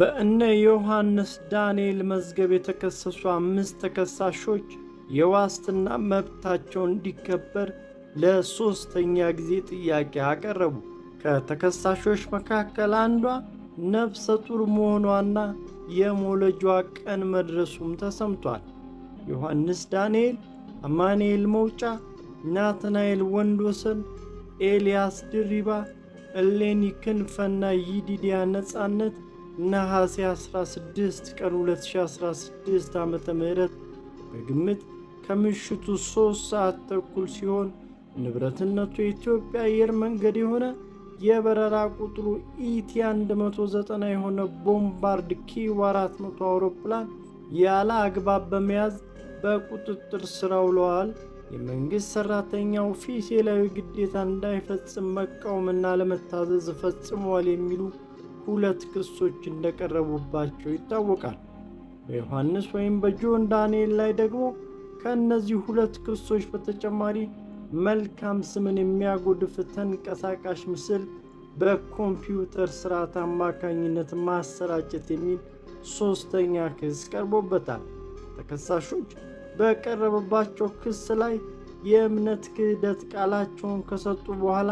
በእነ ዮሐንስ ዳንኤል መዝገብ የተከሰሱ አምስት ተከሳሾች የዋስትና መብታቸው እንዲከበር ለሦስተኛ ጊዜ ጥያቄ አቀረቡ። ከተከሳሾች መካከል አንዷ ነፍሰ ጡር መሆኗና የመውለጇ ቀን መድረሱም ተሰምቷል። ዮሐንስ ዳንኤል፣ አማንኤል መውጫ፣ ናትናኤል ወንዶሰን፣ ኤልያስ ድሪባ፣ እሌኒ ክንፈና ይዲዲያ ነፃነት። ነሐሴ 16 ቀን 2016 ዓ ም በግምት ከምሽቱ 3 ሰዓት ተኩል ሲሆን ንብረትነቱ የኢትዮጵያ አየር መንገድ የሆነ የበረራ ቁጥሩ ኢቲ 190 የሆነ ቦምባርድ ኪው 400 አውሮፕላን ያለ አግባብ በመያዝ በቁጥጥር ስር ውለዋል። የመንግሥት ሠራተኛው ኦፊሴላዊ ግዴታ እንዳይፈጽም መቃወምና ለመታዘዝ ፈጽሟል የሚሉ ሁለት ክሶች እንደቀረቡባቸው ይታወቃል። በዮሐንስ ወይም በጆን ዳንኤል ላይ ደግሞ ከእነዚህ ሁለት ክሶች በተጨማሪ መልካም ስምን የሚያጎድፍ ተንቀሳቃሽ ምስል በኮምፒውተር ስርዓት አማካኝነት ማሰራጨት የሚል ሦስተኛ ክስ ቀርቦበታል። ተከሳሾች በቀረበባቸው ክስ ላይ የእምነት ክህደት ቃላቸውን ከሰጡ በኋላ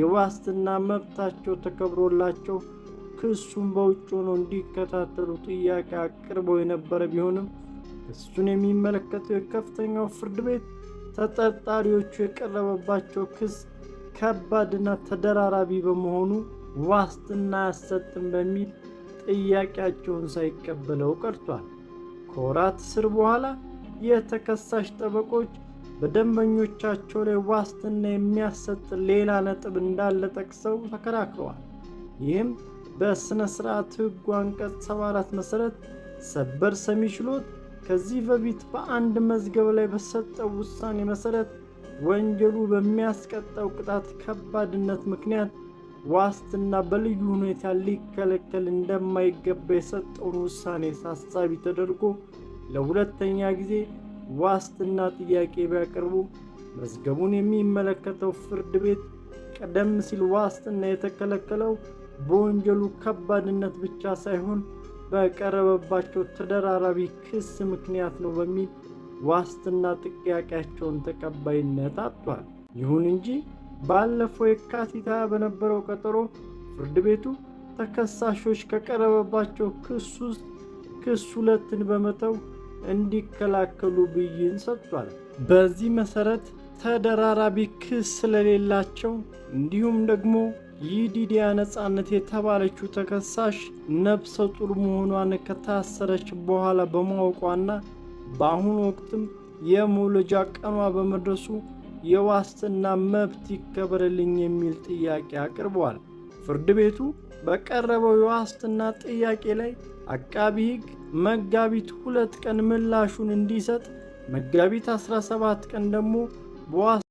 የዋስትና መብታቸው ተከብሮላቸው ክሱም በውጭ ሆኖ እንዲከታተሉ ጥያቄ አቅርበው የነበረ ቢሆንም ክሱን የሚመለከተው የከፍተኛው ፍርድ ቤት ተጠርጣሪዎቹ የቀረበባቸው ክስ ከባድና ተደራራቢ በመሆኑ ዋስትና አያሰጥም በሚል ጥያቄያቸውን ሳይቀበለው ቀርቷል። ከወራት እስር በኋላ የተከሳሽ ጠበቆች በደንበኞቻቸው ላይ ዋስትና የሚያሰጥ ሌላ ነጥብ እንዳለ ጠቅሰው ተከራክረዋል። ይህም በስነ ስርዓት ሕጉ አንቀጽ 74 መሰረት ሰበር ሰሚ ችሎት ከዚህ በፊት በአንድ መዝገብ ላይ በሰጠው ውሳኔ መሰረት ወንጀሉ በሚያስቀጣው ቅጣት ከባድነት ምክንያት ዋስትና በልዩ ሁኔታ ሊከለከል እንደማይገባ የሰጠውን ውሳኔ ታሳቢ ተደርጎ ለሁለተኛ ጊዜ ዋስትና ጥያቄ ቢያቀርቡ መዝገቡን የሚመለከተው ፍርድ ቤት ቀደም ሲል ዋስትና የተከለከለው በወንጀሉ ከባድነት ብቻ ሳይሆን በቀረበባቸው ተደራራቢ ክስ ምክንያት ነው በሚል ዋስትና ጥያቄያቸውን ተቀባይነት አጥቷል። ይሁን እንጂ ባለፈው የካቲት ሃያ በነበረው ቀጠሮ ፍርድ ቤቱ ተከሳሾች ከቀረበባቸው ክስ ውስጥ ክስ ሁለትን በመተው እንዲከላከሉ ብይን ሰጥቷል። በዚህ መሰረት ተደራራቢ ክስ ስለሌላቸው እንዲሁም ደግሞ ይዲዲያ ነጻነት የተባለችው ተከሳሽ ነፍሰ ጡር መሆኗን ከታሰረች በኋላ በማወቋና በአሁኑ ወቅትም የመውለጃ ቀኗ በመድረሱ የዋስትና መብት ይከበርልኝ የሚል ጥያቄ አቅርቧል። ፍርድ ቤቱ በቀረበው የዋስትና ጥያቄ ላይ አቃቢ ሕግ መጋቢት ሁለት ቀን ምላሹን እንዲሰጥ፣ መጋቢት 17 ቀን ደግሞ 모아